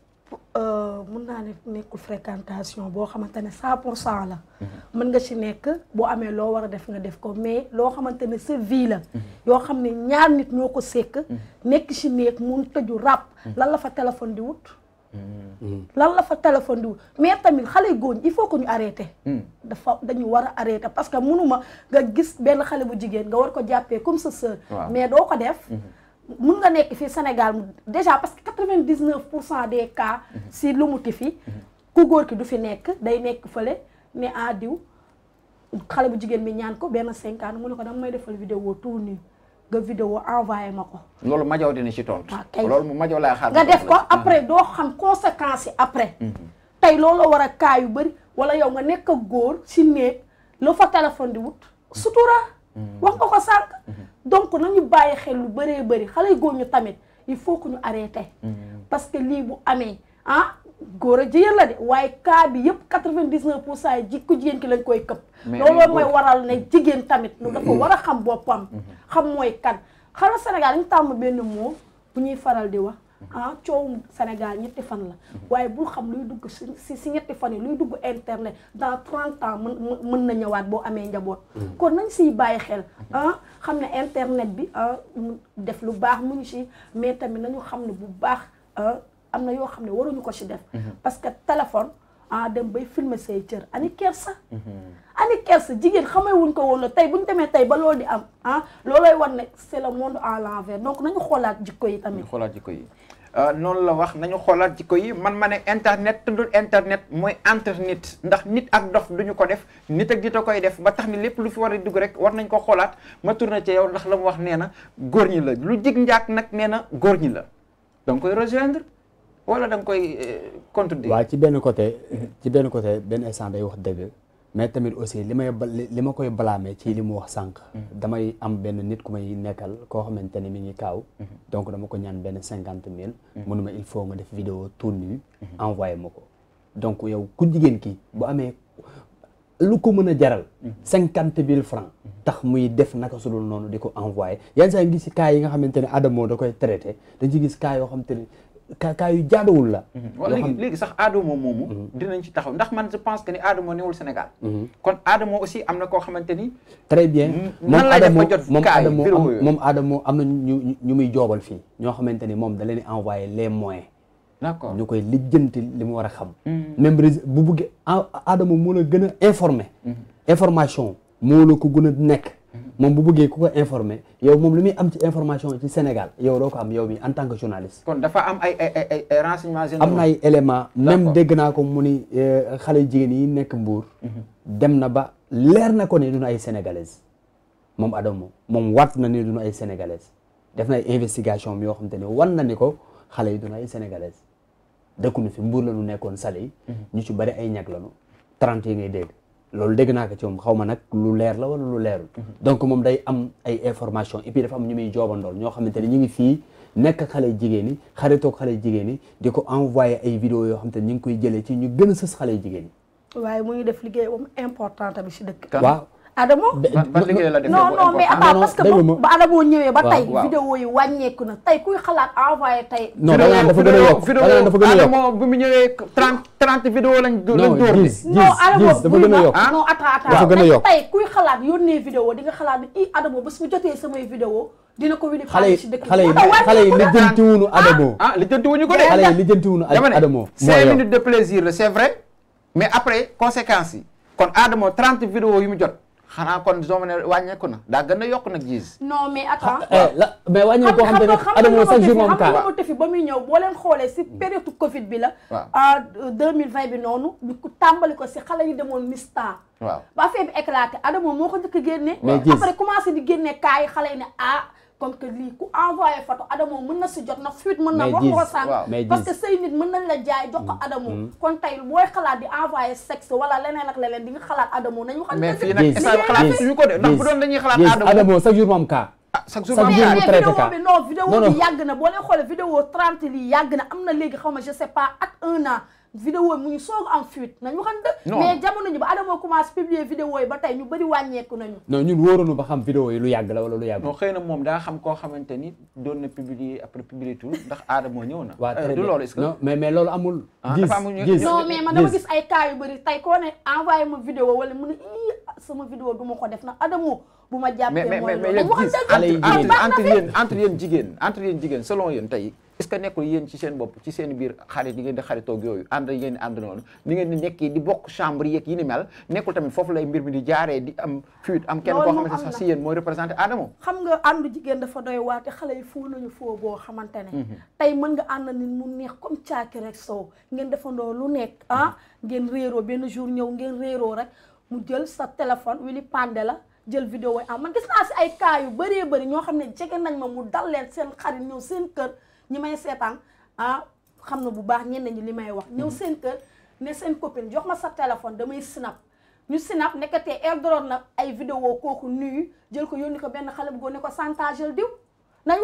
euh, mun naa ne nekkul fréquentation boo xamante ne 100 pour cent la. Mhm. mën nga si nekk boo amee loo war a def nga def ko mais loo xamante ne sa la. Mhm. yoo xam ne ñaar nit ñoo ko sekk. Mhm. nekk si néeg mun tëju ràpp. lan la fa téléphone di wut. Mm. lan la fa téléphone di mais tamit xale góor ñi il faut que ñu arrêté. Mm. dafa dañu war a arrêté parce que mënuma nga gis benn xale bu jigéen nga war ko jàppee comme sa sœur. mais doo ko def. Mm-hmm. mun nga nekk fii Sénégal déjà parce que quatre-vingt-dix-neuf pour cent des cas. Mm-hmm. si lu mu ti fi. Mm-hmm. ku góor ki du fi nekk day nekk fële ne ah diw xale bu jigéen bi ñaan ko benn cinquante mu ne ko dama may defal vidéo tout nii nga vidéo envoyé ma ko. loolu majoo dina si tontu. waaw ah, kay loolu Madiaw laa xaar. nga def ko après doo xam conséquences yi après. Mhm. tey loolu war a kaa yu bëri wala yow nga nekk góor si néeg la fa téléphone di wut sutura. Mhm. wax nga ko sànq. Mhm. donc nañu bàyyi xel lu bëree bëri xale yu góor ñu tamit il faut que ñu arrêté. parce que lii bu amee ah, góor a jigéen la de waaye cas bi yëpp quatre vingt dix pour saa yi ji jigéen ki lañ koy këpp loolu mooy waral ne jigéen tamit lu dafa war a xam boppam mhm. xam mooy kan xanaa Sénégal dañu tàmm benn mot bu ñuy faral di wax mhm. ah coowum Sénégal ñetti fan la mhm. waaye bul xam luy dugg si si ñetti fan yi luy dugg internet dans trente ans mën mën na ñëwaat boo amee njaboot. kon nañ siy bàyyi xel ah xam ne internet bi ah, def lu baax mu ngi si mais tamit nañu xam ne bu baax ah, am na yoo xam ne waruñu ko si def. Mhm. parce que téléphone ah, dem bay filmer say cër ani kersa. Mhm. ani kersa jigéen xamee wuñ ko woon la tey bu ñu demee tey ba loolu di am ah loolooy war ne c'est le monde à nañu xoolaat jikko yi tamit. nañu xoolaat jikko yi euh, noonu la wax nañu xoolaat jikko yi man ma ne internet tuddul internet mooy entre ndax nit ak dof duñu ko def nit ak nit a koy def ba tax ni lépp lu fi war a dugg rek war nañ ko xoolaat ma tourné ci yow ndax la mu wax nee na góor ñi la lu jig njaak nag nee na góor ñi la danga koy rejoindre. wala da nga koy euh, contredire. waaw ci benn côté ci benn côté benn instant day wax dëgg mais tamit aussi li may li ma koy blâmer ci li mu wax sànq. Mm-hmm. damay am benn nit ku may nekkal koo xamante ni mi ngi kaaw. Mm-hmm. donc dama ko ñaan benn cinquante mille. mënuma mm-hmm. il faut nga def vidéo tout nu envoyé ma ko. donc yow ku jigéen ki bu amee lu ko mën a jaral. cinquante mille francs tax muy def naka su dul noonu di ko envoyé yenn saa ngi si cas yi nga xamante ne Adamo da koy traité dañ ci gis cas yoo xamante ne kaa kaa yu jaaduwul la. Mhm. wala léegi léegi sax Adamo moomu. Mhm. dinañ ci taxaw ndax man je pense que ni Adamo newul Sénégal. Mhm. kon Adamo am na koo xamante ni. très bien moom Adamo moom Adamo moom Adamo am na ñu ñu muy joobal fii ñoo xamante ni moom dale leen envoyé les moyens. d'accord ñu koy lijjanti li mu war a xam. même bu buggee Adamo moo la gën a informé. information moo la ko nekk. moom bu bëggee ku ko informé yow moom lu muy am ci information ci Sénégal yow doo am yow mi en tant que journaliste. kon dafa am ay ay am na ay éléments même dégg naa ko mu ni euh, xale jigéen yi nekk Mbour. Mhm. dem na ba leer na ko ne duñu ay sénégalaise moom Adamo moom waat na ne duñu ay sénégalaise def na ay investigation yoo xam te ne wan na ni ko xale yi duñu ay sénégalaise nu fi mbuur la ñu nekkoon sale yi. Mhm. ñu ci bari ay ñag la 30 yi ngay dégg. loolu dégg naa ko ci moom xaw ma nag lu leer la wala lu leerul. Mhm. donc moom day am ay information et puis dafa ñu muy joobandool ñoo xamante ne ñu ngi fii nekk xale jigéen ñi xaritoog xale di ko envoyé ay vidéo yoo xam te ne ñu ngi koy jëlee ci ñu gën a sës xale jigéen ñi. Adamo non non mais à part parce que ba Adamo ñëwee ba tey vidéo yi wàññeeku na tey kuy xalaat envoyé tey non da nga dafa gën a yokk da nga dafa gën a yokk Adamo bu mu ñëwee trente trente vidéo lañ lañ dóor bi non Adamo dafa gën a yokk non attends attends dafa gën a yokk tey kuy xalaat yónnee vidéo di nga xalaat ni i Adamo bés bu jotee samay vidéo dina ko wili xale yi xale yi xale yi lijjantiwuñu ah, Adamo ah lijjantiwuñu ko de xale yi lijjantiwuñu Adamo cinq minutes de plaisir la c'est vrai mais après conséquences yi kon Adamo trente vidéo yu mu jot xanaa kon soo ma ne wàññeeku na daa gën a yokk nag gis. non mais attends. Eh, la mais wàññeeku boo xam te ne Adamo chaque jour ba muy ñëw boo leen xoolee si mm. période Covid bi la. waaw ah, deux mille vingt bi noonu. ñu ko si xale yi demoon Mista. waaw ba affaire bi éclaté Adamo moo ko njëkk a génne. mais après commencé di comme que lii ku envoyé photo Adamo mën na si jot na fuite mën na wax ko sànq parce que say nit mën nañ la jaay jox ko mm. Adamo mm. kon tey booy xalaat di envoyé sexe wala leneen ak leneen di nga xalaat Adamo nañu xam mais fii nag xalaat suñu ko de ka mais ah, non vidéo bi yàgg na boo leen xoolee vidéo 30 lii yàgg na am na léegi xaw ma je pas ak un vidéo mu ngi soog am fuite nañ waxan dëgg mais jamono ñu ba Adamo commencé publier vidéo yi ba tey ñu bëri wàññeeku nañu non ñun wóoronu ba xam vidéo yi lu yàgg la wala lu yàgg non xëy na moom daa xam koo xamante ni doon na publier après publier tout ndax Adamo ñëw na waaw euh, du loolu est-ce que non mais mais loolu amul ah, gis non mais man dama a ay yu bëri tey koo ne ma vidéo wala mu ne sama vidéo du ma ko def na Adamo bu ma jàppee mooy loolu mais mais mais yéen gis entre yéen entre yéen jigéen entre yéen jigéen selon yéen tey est que nekkul yéen ci seen bopp ci seen biir xarit yi ngeen di xaritoog yooyu ànd yi ngeen noonu ni ngeen di nekkee di bokk chambre yeeg yi ni mel nekkul tamit foofu lay mbir mi di jaaree di am fuite am kenn koo xamante sax si yéen mooy représenté Adamo xam nga àndu jigéen dafa doy waate xale yi foo nañu foo boo xamante ne mhm. tey mën nga ànd mu neex comme caaki rek sow ngeen defandoo lu nekk ah, mhm. ngeen réeroo benn jour ñëw ngeen réeroo rek mu jël sa téléphone wili pande la jël vidéo am man gis naa si ay cas yu bëree bëri ñoo xam ne jege nañ ma mu dal leen seen xarit ñëw seen kër ñi may seetaan ah xam na bu baax ñenn ñi li may wax ñëw mhm. seen kër ne seen copine jox ma sa téléphone damay snap ñu snap nekkatee airdrop na ay vidéo kooku nuyu jël ko yónni ko benn xale bu góor ne ko santagel diw nañ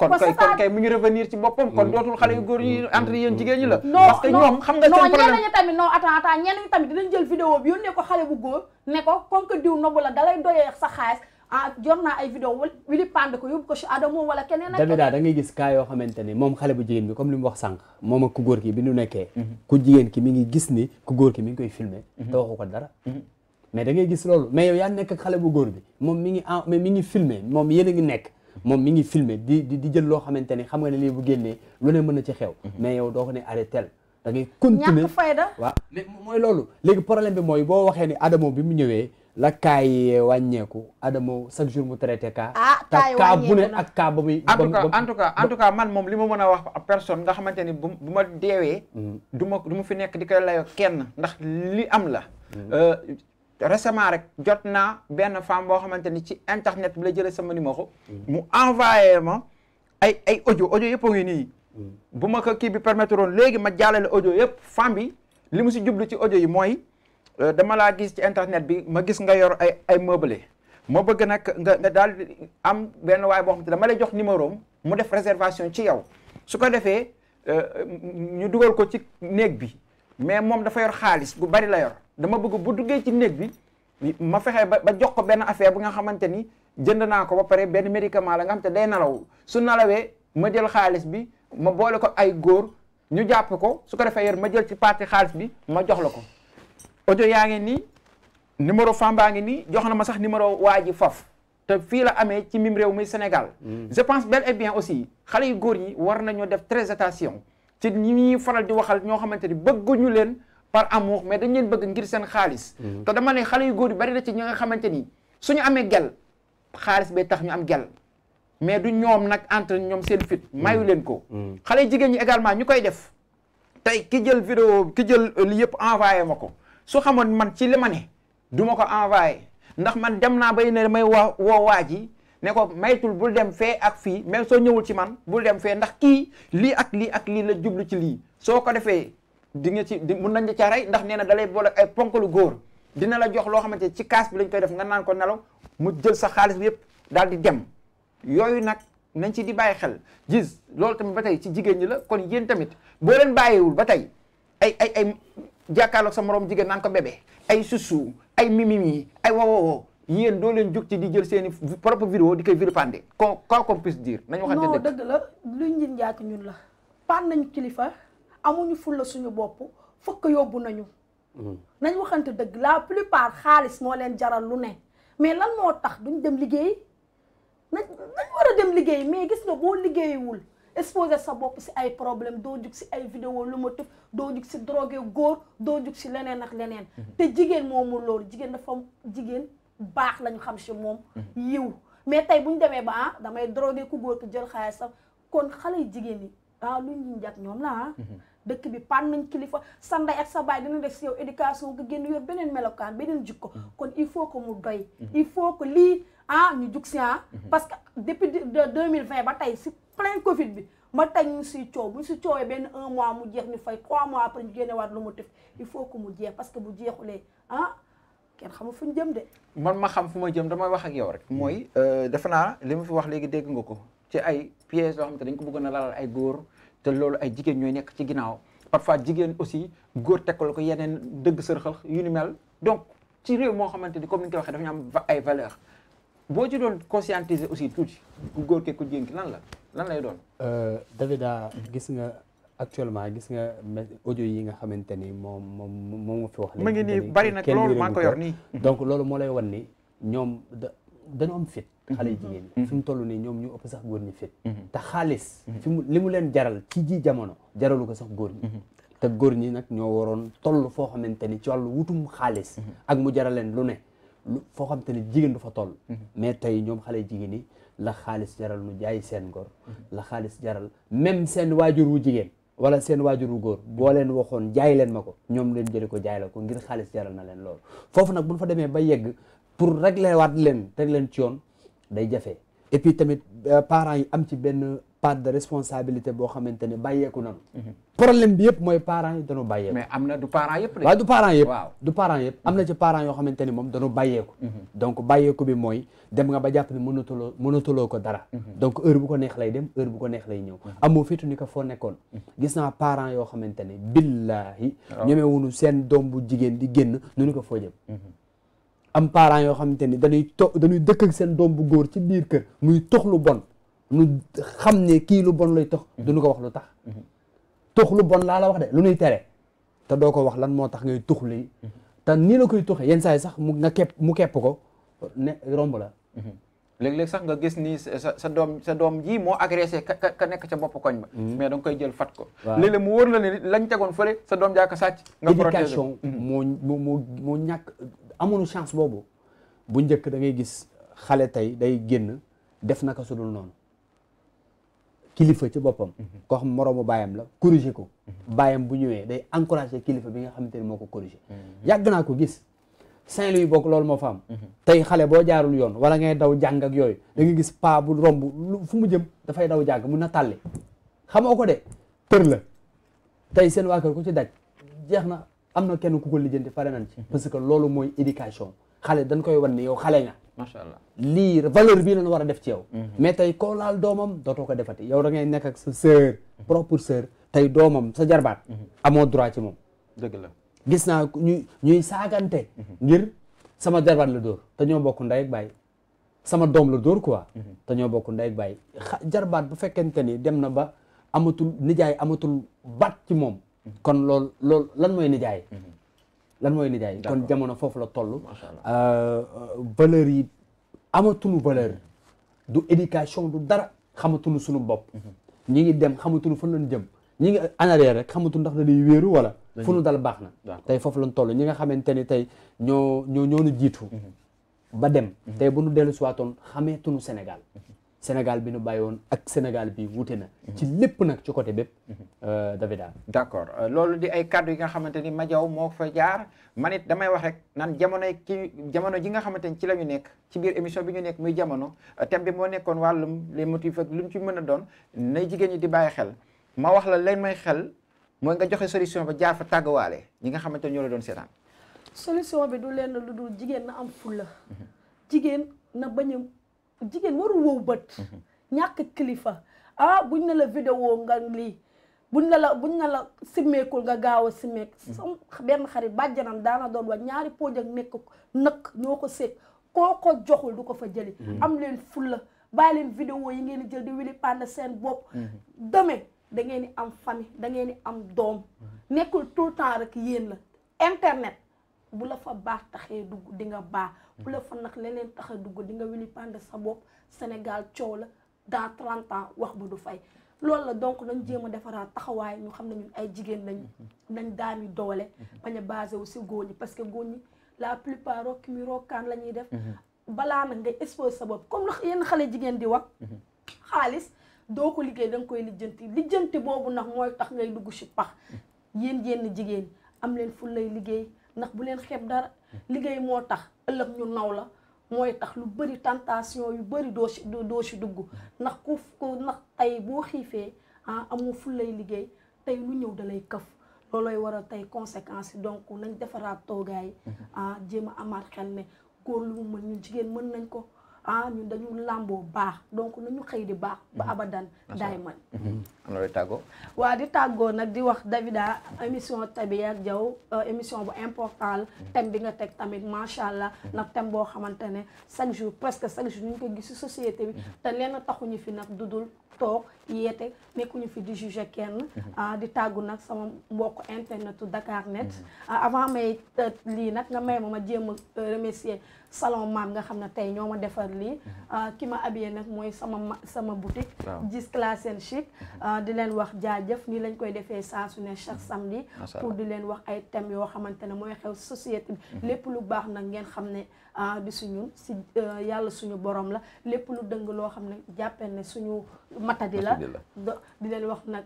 waxal dëgg revenir ci boppam kon mhm. dootul xale yu góor mhm. yéen jigéen ñi la parce que ñoom xam nga seen problème non ñenn ñi tamit non tamit dinañ jël vidéo bi yónnee ko xale bu góor ne ko kon que diw nobu la dalay doyee sa xaalis ah jor naa ay vidéo wili pande ko yóbbu ko si Adamo wala keneen ak keneen da ngay gis cas yoo xamante ni moom xale bu jigéen bi comme li mu wax sànq moom ak ku góor ki bi nu nekkee mhm. ku jigéen ki mi ngi gis ni ku góor ki mi ngi koy filmer mhm. te waxu ko dara mhm. mais dangay gis loolu mais yow yaa nekk ak xale bu góor bi moom mi ngi mais mi ngi filmer moom yéen a ngi nekk moom mi ngi filmer di di jël loo xamante ni xam nga ne lii bu génnee lu ne mën na ci xew mais yow doo ko ne arrêtel da ngay continuer ñàkk fayda waaw mooy loolu léegi problème bi mooy boo waxee ni Adamo bi mu ñëwee la kaay yi wàññeeku Adama chaque jour mu traité cas. ah kaay cas bu ak cas ba muy. en tout cas en tout cas man moom li ma mën a wax a person nga xamante ni bu bu ma deewee. Mhm. du ma du ma fi nekk di koy layoo kenn ndax li am la. Mhm. Euh, récemment rek jot naa benn femme boo xamante ni ci internet bi lay jëlee sama numéro. Mhm. mu envoyé ma ay ay audio audio yëpp a ngi nii. bu ma ko kii bi permettre woon léegi ma jàllale audio yëpp femme bi li mu si jublu ci audio yi mooy. Euh, dama laa gis ci internet bi ma gis nga yor ay ay meublé ma bëgg nag nga nga am benn waay boo xam te dama lay jox numéro mu def réservation ci yow su ko defee euh, ñu dugal ko ci néeg bi mais moom dafa yor xaalis bu bari la yor dama bëgg bu duggee ci néeg bi ma fexe ba jox ko benn affaire bu nga xamante ni jënd naa ko ba pare benn médicament la nga xam te day nalaw su nelawee ma jël xaalis bi ma boole ko ay góor ñu jàpp ko su ko defee yor ma jël ci parti xaalis bi ma jox la ko audio yaa ngi nii numéro Famba ngi nii jox na ma sax numéro waa ji faf te fii la amee ci mim réew mi Sénégal. Mm. je pense bel et bien aussi xale yu góor ñi war nañoo def très attention ci ñi ñuy faral di waxal ñoo xamante ni bëgguñu leen par amour mais dañ leen bëgg ngir seen xaalis. Mm. to dama ne xale yu góor yi bari na ci ñi nga xamante ni suñu amee gel xaalis bee tax ñu am gel mais du ñoom nag entre ñoom seen fit mm. mayu leen ko. xale yi jigéen ñi également ñu koy def tey ki jël vidéo ki jël li yëpp envoyé ma ko. su xamoon man ci li ma ne ko envoyé ndax man dem naa bay ne may woo woo waa ji ne ko maytul bul dem fee ak fii même soo ñëwul ci man bul dem fee ndax kii lii ak lii ak lii la jublu ci lii soo ko defee di nga ci mun nañ la ca ndax nee na dalay boole ay ponkalu góor dina la jox loo xamante ci kaas bi lañ koy def nga naan ko nelaw mu jël sa xaalis bi yëpp daal di dem yooyu nag nañ ci di bàyyi xel gis loolu tamit ba tey ci jigéen ñi la kon yéen tamit boo leen bàyyiwul ba tey ay ay ay jàkkaarloog sa moroom jigéen naan ko bébé ay susu ay mimimi ay wowowo yéen doo leen jug ci di jël seeni propre vidéo di koy vilipender kon quoi qu'on puisse dire nañu waxante non dëgg la luñ njin ñun la pan nañu kilifa amuñu fulla suñu bopp fokk yóbbu nañu hmm. nañ waxante dëgg la plupart xaalis moo leen jaral lu ne mais lan moo tax duñ dem liggéey nañ nañ war a dem liggéey mais gis nga boo liggéeyiwul exposé sa bopp si ay problème doo jug si ay vidéo lu ma tëf doo jug si drogue góor doo jug si leneen ak leneen mhm. te jigéen mu loor jigéen dafa jigéen baax lañu xam si moom mhm. yiw mais tey bu ñu demee ba ah damay drogué ku góor ki jël sa kon xale yu jigéen ñi ah lu ñu njàkk ñoom la ah. mhm. dëkk bi pan nañ kilifa sa ndey sa baay dina def si yow éducation nga génn yoor beneen melokaan beneen jikko kon il faut ko mu doy il faut ko lii ah ñu jug si ah parce que depuis deux mille vingt ba tey si plein Covid bi ma tañ si coow bu si coowee benn un mois mu jeex ñu fay trois mois après ñu génnewaat lu mu tëf il faut que mu jeex parce que bu jeexulee ah kenn xamul fu ñu jëm de. man ma xam fu ma jëm damay wax ak yow rek. mooy mm. euh, defe naa li ma fi wax léegi dégg nga ko ci ay pièces yoo xam te dañ ko bëggoon a lalal ay góor te loolu ay jigéen ñooy nekk ci ginnaaw parfois jigéen aussi góor tekkal ko yeneen dëgg sërxal yu ni mel donc ci réew moo xamante ni comme ni nga waxee dafa ñu ay valeur boo ci doon conscientiser aussi tuuti góor ke ku jigéen la. lan lay doon. Euh, Davida gis nga actuellement gis nga audio yi nga xamante ni moom moom nga fi wax. mu ngi nii bari na loolu maa ko nii donc loolu moo lay wan ni ñoom da dañoo am fit. Mhm. xale jigéen mhm. fi mu toll nii ñoom ñu ëpp sax góor ñi fit. Mhm. te xaalis. fi li mu leen jaral ci ji jamono jaralu ko sax góor ñi. te góor ñi nag ñoo waroon toll foo xamante ni ci wàllu wutum xaalis. ak mu jaraleen lu ne foo xamante ni jigéen du fa toll. mais tey ñoom xale jigéen ñi. la xaalis jaral nu jaay seen ngor la xaalis jaral même seen waajur wu jigéen wala seen waajur wu góor boo leen waxoon jaay leen ma ko ñoom leen jëli ko jaay la ko ngir xaalis jaral na leen loolu foofu nag buñ fa demee ba yegg pour régler waat leen teg leen ci yoon day jafe et tamit euh, parents yi am ci benn part de responsabilité boo xamante ne bàyyeeku noonu. Mhm. problème bi yëpp mooy parents yi dañoo bàyyeeku. mais am na du parents yëpp de. waaw du parents yëpp. waaw du am na ci parents yoo xamante ne moom dañoo bàyyeeku. Mhm. donc bàyyeeku bi mooy dem nga ba jàpp ne mënatuloo mënatuloo ko dara. Mhm. donc heure bu ko neex lay ñëw. amoo fitu ni ko foo nekkoon. gis naa parents yoo xamante ne billahi. waaw ñemewuñu seen doom bu jigéen di génn nu ñu ko foo jëm. am parents yoo xamante ni dañuy to dañuy dëkk ak seen doom bu nu xam ne kii lu bon lay tax mhm. duñu ko wax lu tax mhm. tux lu bon laa la wax de lu nuy tere te doo ko wax lan moo tax ngay tux lii mhm. te nii la koy tuxee yenn saa sax mu nga kepp mu kepp ko ne romb la léeg-léeg sax nga gis ni sa doom sa doom ji moo agressé ka ka nekk ca bopp koñ ba mais da koy jël fat ko léeg-léeg mu wóor la ne lañ tegoon fële sa doom jaa ko sàcc nga éducation moo mu moo ñàkk amoonu chance boobu bu njëkk da gis xale tey day génn def na naka sudul noonu kilifa ci boppam mhm. koo xam moroomu baayam la corrigé ko mhm. baayam bu ñëwee day encouragé kilifa bi nga xamante ni moo ko corrigé mhm. yàgg naa ko gis Saint-Louis bokk loolu moo fa am tey xale boo jaarul yoon wala ngay daw jàng yooyu da nga gis paa bu romb fu mu jëm dafay daw jàng mun na tàlli xamoo ko de tër la tey seen waa kër ku ci daj jeex na am na kenn ku ko lijjanti fare nañ ci parce que loolu mooy éducation xale dañ koy wan ne yow xale nga macha allah lii valeur bii lañu war a def ci yow. Mhm. mais tey koo laal doomam dootoo ko defati yow da ngay nekk ak sa sœur. Mhm. propre sœur tey doomam sa jarbaat. Mhm. amoo droit ci moom. dëgg la gis naa ñuy ñuy saagante. ngir sama jarbaat la dóor te ñoo bokk ndey ak sama doom la dóor quoi. te ñoo bokk ndey ak jarbaat bu fekkente ni dem na ba amatul nijaay amatul bat ci moom. kon lool lan mooy nijaay. lan mooy nijaay kon jamono foofu la toll euh, valeur yi amatuñu valeur du éducation du dara xam xamatuñu sunu bopp mhm. ñi ngi dem xamatuñu fan lañ jëm ñi ngi rek xam rek xamatuñu ndax dañuy wéeru wala fu nu dal baax na tey foofu lañ toll ñi nga xamante ni tey ñoo ñoo ñoonu jiitu mhm. ba dem mhm. tey bu nu dellu xamee tunu Sénégal Sénégal bi nu bàyyi woon ak Sénégal bi wuute na. Mhm. ci lépp nag ci côté bépp. Euh, Davida. d' accord euh, loolu di ay kàddu yi nga xamante ma Madiaw moo fa jaar man it damay wax rek naan jamono ci jamono ji nga xamante ni ci la ñu nekk ci biir émission bi ñu nekk muy jamono euh, thème bi moo nekkoon wàllum les motifs ak lu ci mën a doon nay jigéen ñi di bàyyi xel ma wax la leen may xel mooy nga joxe solution ba jaar fa tàggawaale ñi nga xamante ni ñoo la doon seetaan. solution bi du lenn lu dul jigéen na am fulla mhm. jigéen na bañ jigéen warul wow bët mhm. ñàkk kilifa ah buñ ne la vidéo nga lii bu ne la buñ ne simmeekul nga gaaw a simmeek mhm. sam benn xarit bàjjanam daana doon wax ñaari pooj ak nekk nëkk ñoo ko seeg koo ko joxul du ko fa jëli mhm. am leen fulla bàyyi leen vidéo yi ngeen di jël di wili pànd seen bopp deme da ngeen di am famille da ngeen di am doom nekkul tout le temps rek yéen la internet bu la fa baax taxee dugg di nga baax bu la fa nag leneen taxee dugg di nga wili pande sa bopp Sénégal coow la dans trente ans wax bu du fay loolu la donc nañ jéem a defaraat taxawaay ñu xam nañu ay jigéen lañ nañ daami doole bañ a basé wu si góor ñi parce que góor ñi la plupart rokki mi rokkaan la ñuy def balaa nag ngay exposé sa bopp comme yenn xale jigéen di wax xaalis doo ko liggéey da nga koy lijjanti lijjanti boobu nag mooy tax ngay dugg si pax yéen yenn jigéen am leen fu lay liggéey ndax bu leen xeeb dara liggéey moo tax ëllëg ñu naw la mooy tax lu bëri tentation yu bëri doo ci doo ci dugg ndax ku ko ndax tey boo xiifee ah amoo ful lay liggéey tey lu ñëw dalay këf loolooy waral tey conséquence yi donc nañ defaraat toogaay mm-hmm. ah jéem a amaat xel ne góor lu mu mën ñu jigéen mën nañ ko ah ñun dañu làmboo baax donc nañu xëy di baax ba mhm. abadan daay man am na looy di tàggoo nag di wax Davida émission Tabi ak Diaw euh, émission bu important mhm. thème bi nga teg tamit macha allah mhm. nag thème boo xamante ne chaque jour presque chaque jour ñu ngi ko gis ci société bi te leen taxuñu fi nag du dul toog yeete nekkuñu fi di juger kenn mhm. ah, di tàggu nag sama mbokk internetu Dakar Net mhm. ah, avant may euh, lii nag nga may ma ma jéem a euh, remercier salon maam nga xam ne tey ñoo ma defar lii mhm. ah, ki ma habillé nag mooy sama sama boutique gis classe and chic di leen wax jaajëf nii lañ koy defee saa su ne chaque samedi pour di leen wax ay thèmes yoo xamante ne mooy xew société lépp lu baax nag ngeen xam ne ah du si ñun euh, yàlla suñu borom la lépp lu dëng loo xam ne jàppee ne suñu mata matadi la di leen wax nag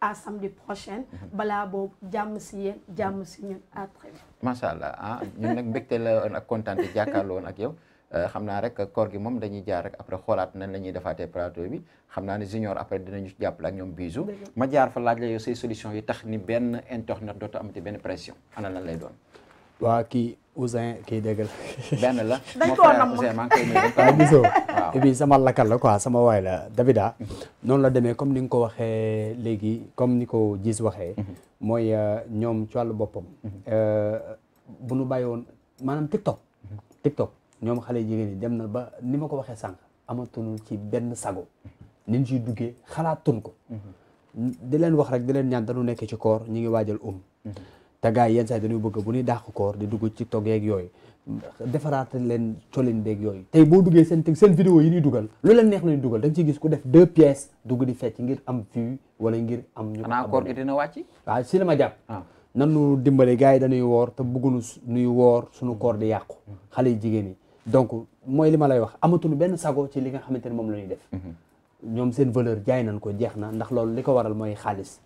à samedi prochain mhm. balaa boobu jàmm si yéen jàmm si ñun à très vite macha allah ah ñun nag mbégte la woon ak kontaante ak yow euh, xam naa rek koor gi moom dañuy jaar rek après xoolaat nan la ñuy defaatee plateau bi xam naa ne junior après dinañu jàppale ak ñoom bisu ma jaar fa laaj la yow say solution yi tax ni benn internet dootu ti benn pression ana lan lay doon Ousin kii déggal. benn la <laughs> dañ koo nam ma waaw gisoo et puis sama lakkal la quoi sama waay la Davida mhm. noonu la demee comme ni nga ko waxee léegi comme ni ko gis waxee mhm. mooy euh, ñoom ci wàllu boppam mhm. euh, bu nu bàyyi woon maanaam TikTok TikTok ñoom xale jigéen ñi dem na ba ni ma ko waxee sànq amatul ci benn sago ni ñu ciy duggee xalaatun ko di leen wax rek di leen ñaan dañu nekk ci koor ñu ngi waajal um te gars yi yenn saa yi bëgg bu ñuy dàq koor di dugg ci togg yooyu defaraat leen colin beeg yooyu tey boo duggee seen seen vidéo yi ñuy dugal lu leen neex nañu dugal danga ci gis ku def deux pièces dugg di fecc ngir am vue wala ngir am ñu xanaa koor gi dina wàcc waaw si la ma jàpp ah. nanu dimbale gars yi dañuy woor te bëgguñu nuy woor suñu koor di yàqu xale yi jigéen yi donc mooy li ma lay wax amatuñu benn sago ci li nga xamante ne moom la ñuy def mhm. ñoom seen valeur jaay nañ ko jeex na ndax loolu li ko waral mooy xaalis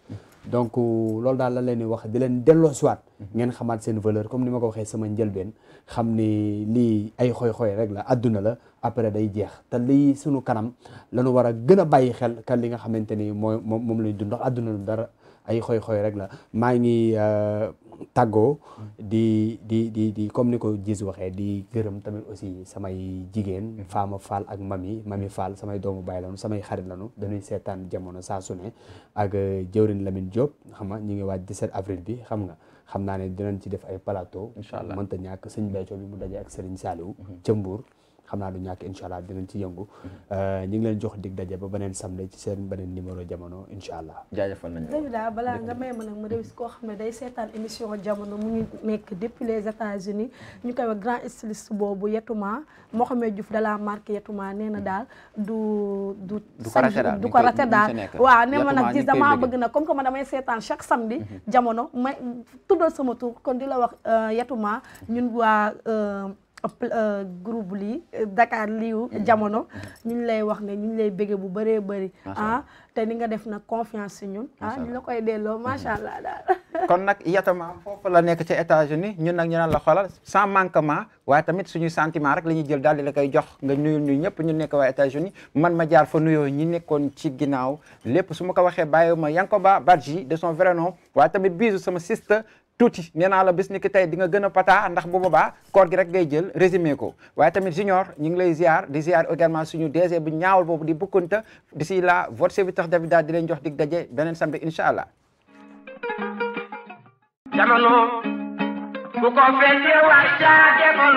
donc euh, loolu daal la leen di wax di leen delloo siwaat mhm. ngeen xamaat seen valeur comme ni ma ko waxee sama njëlbeen xam ni lii ay xoy-xoy rek la adduna la après day jeex te lii sunu kanam lañu war a gën a bàyyi xel kan li nga xamante ni mooy moom moom lañu dund ndax adduna lu dara ay xoy xooy rek la maa ngi euh, tàggoo di di di di comme ni ko gis waxee di gërëm tamit aussi samay jigéen mm-hmm. Fama Fall ak Mami Mami Fall samay doomu baay lanu samay xarit lanu dañuy seetaan jamono saa su ne ak euh, jëwrin Lamine Diop xam nga ñu ngi waaj 17 avril bi xam nga xam naa ne dinañ ci def ay plateau incha allah mënta ñàkk sëñ Béthio bi mu daje ak Serigne Saliou mm-hmm. ca Mbour xam naa du ñàkk incha allah dinañ ci yëngu euh, ñu ngi leen jox dig daje ba beneen samedi ci seen beneen numéro jamono incha allah jaajëfal ah, nga may ma nag ma dewis koo xam ne day seetaan émission jamono mu ngi nekk depuis les États-Unis ñu koy wax grand styliste boobu Yatuma Mohamed Diouf dalaa marqué Yatuma nee na daal du du du ko rate daal waaw nee ma nag gis damaa bëgg na comme que ma damay seetaan chaque samedi mhm. jamono may tuddal sama tur kon di la wax euh, Yatuma ñun waa euh, Euh, groupe lii euh, Dakar liiw mm-hmm. jamono ñu ngi lay wax ne ñu ngi lay bége bu bëree bëri ah te ni nga def na confiance si ñun ah ñu la koy delloo macha mm-hmm. allah daal <laughs> kon nag yatama foofu la nekk ci États-Unis ñun nag ñu naan la xoolal sans manquement waaye tamit suñu sentiment rek la ñuy jël daal la koy jox nga nuyul ñu ñëpp ñu nekk waa États-Unis man ma jaar fa nuyoo ñu nekkoon ci ginnaaw lépp su ma ko waxee bàyyi ma Yankoba Badji de son vrai nom waaye tamit bisu sama sister tuuti nee naa la bis ni ki tey dinga gën a pata ndax bu booba koor gi rek gay jël résumé ko waaye tamit junior ñu ngi lay ziar di ziar également suñu DG bu ñaawal boobu di bukkunta d'ici là votre serviteur Davida di leen jox dig daje beneen samedi incha allah jamono bu ko fekkee war caa demoon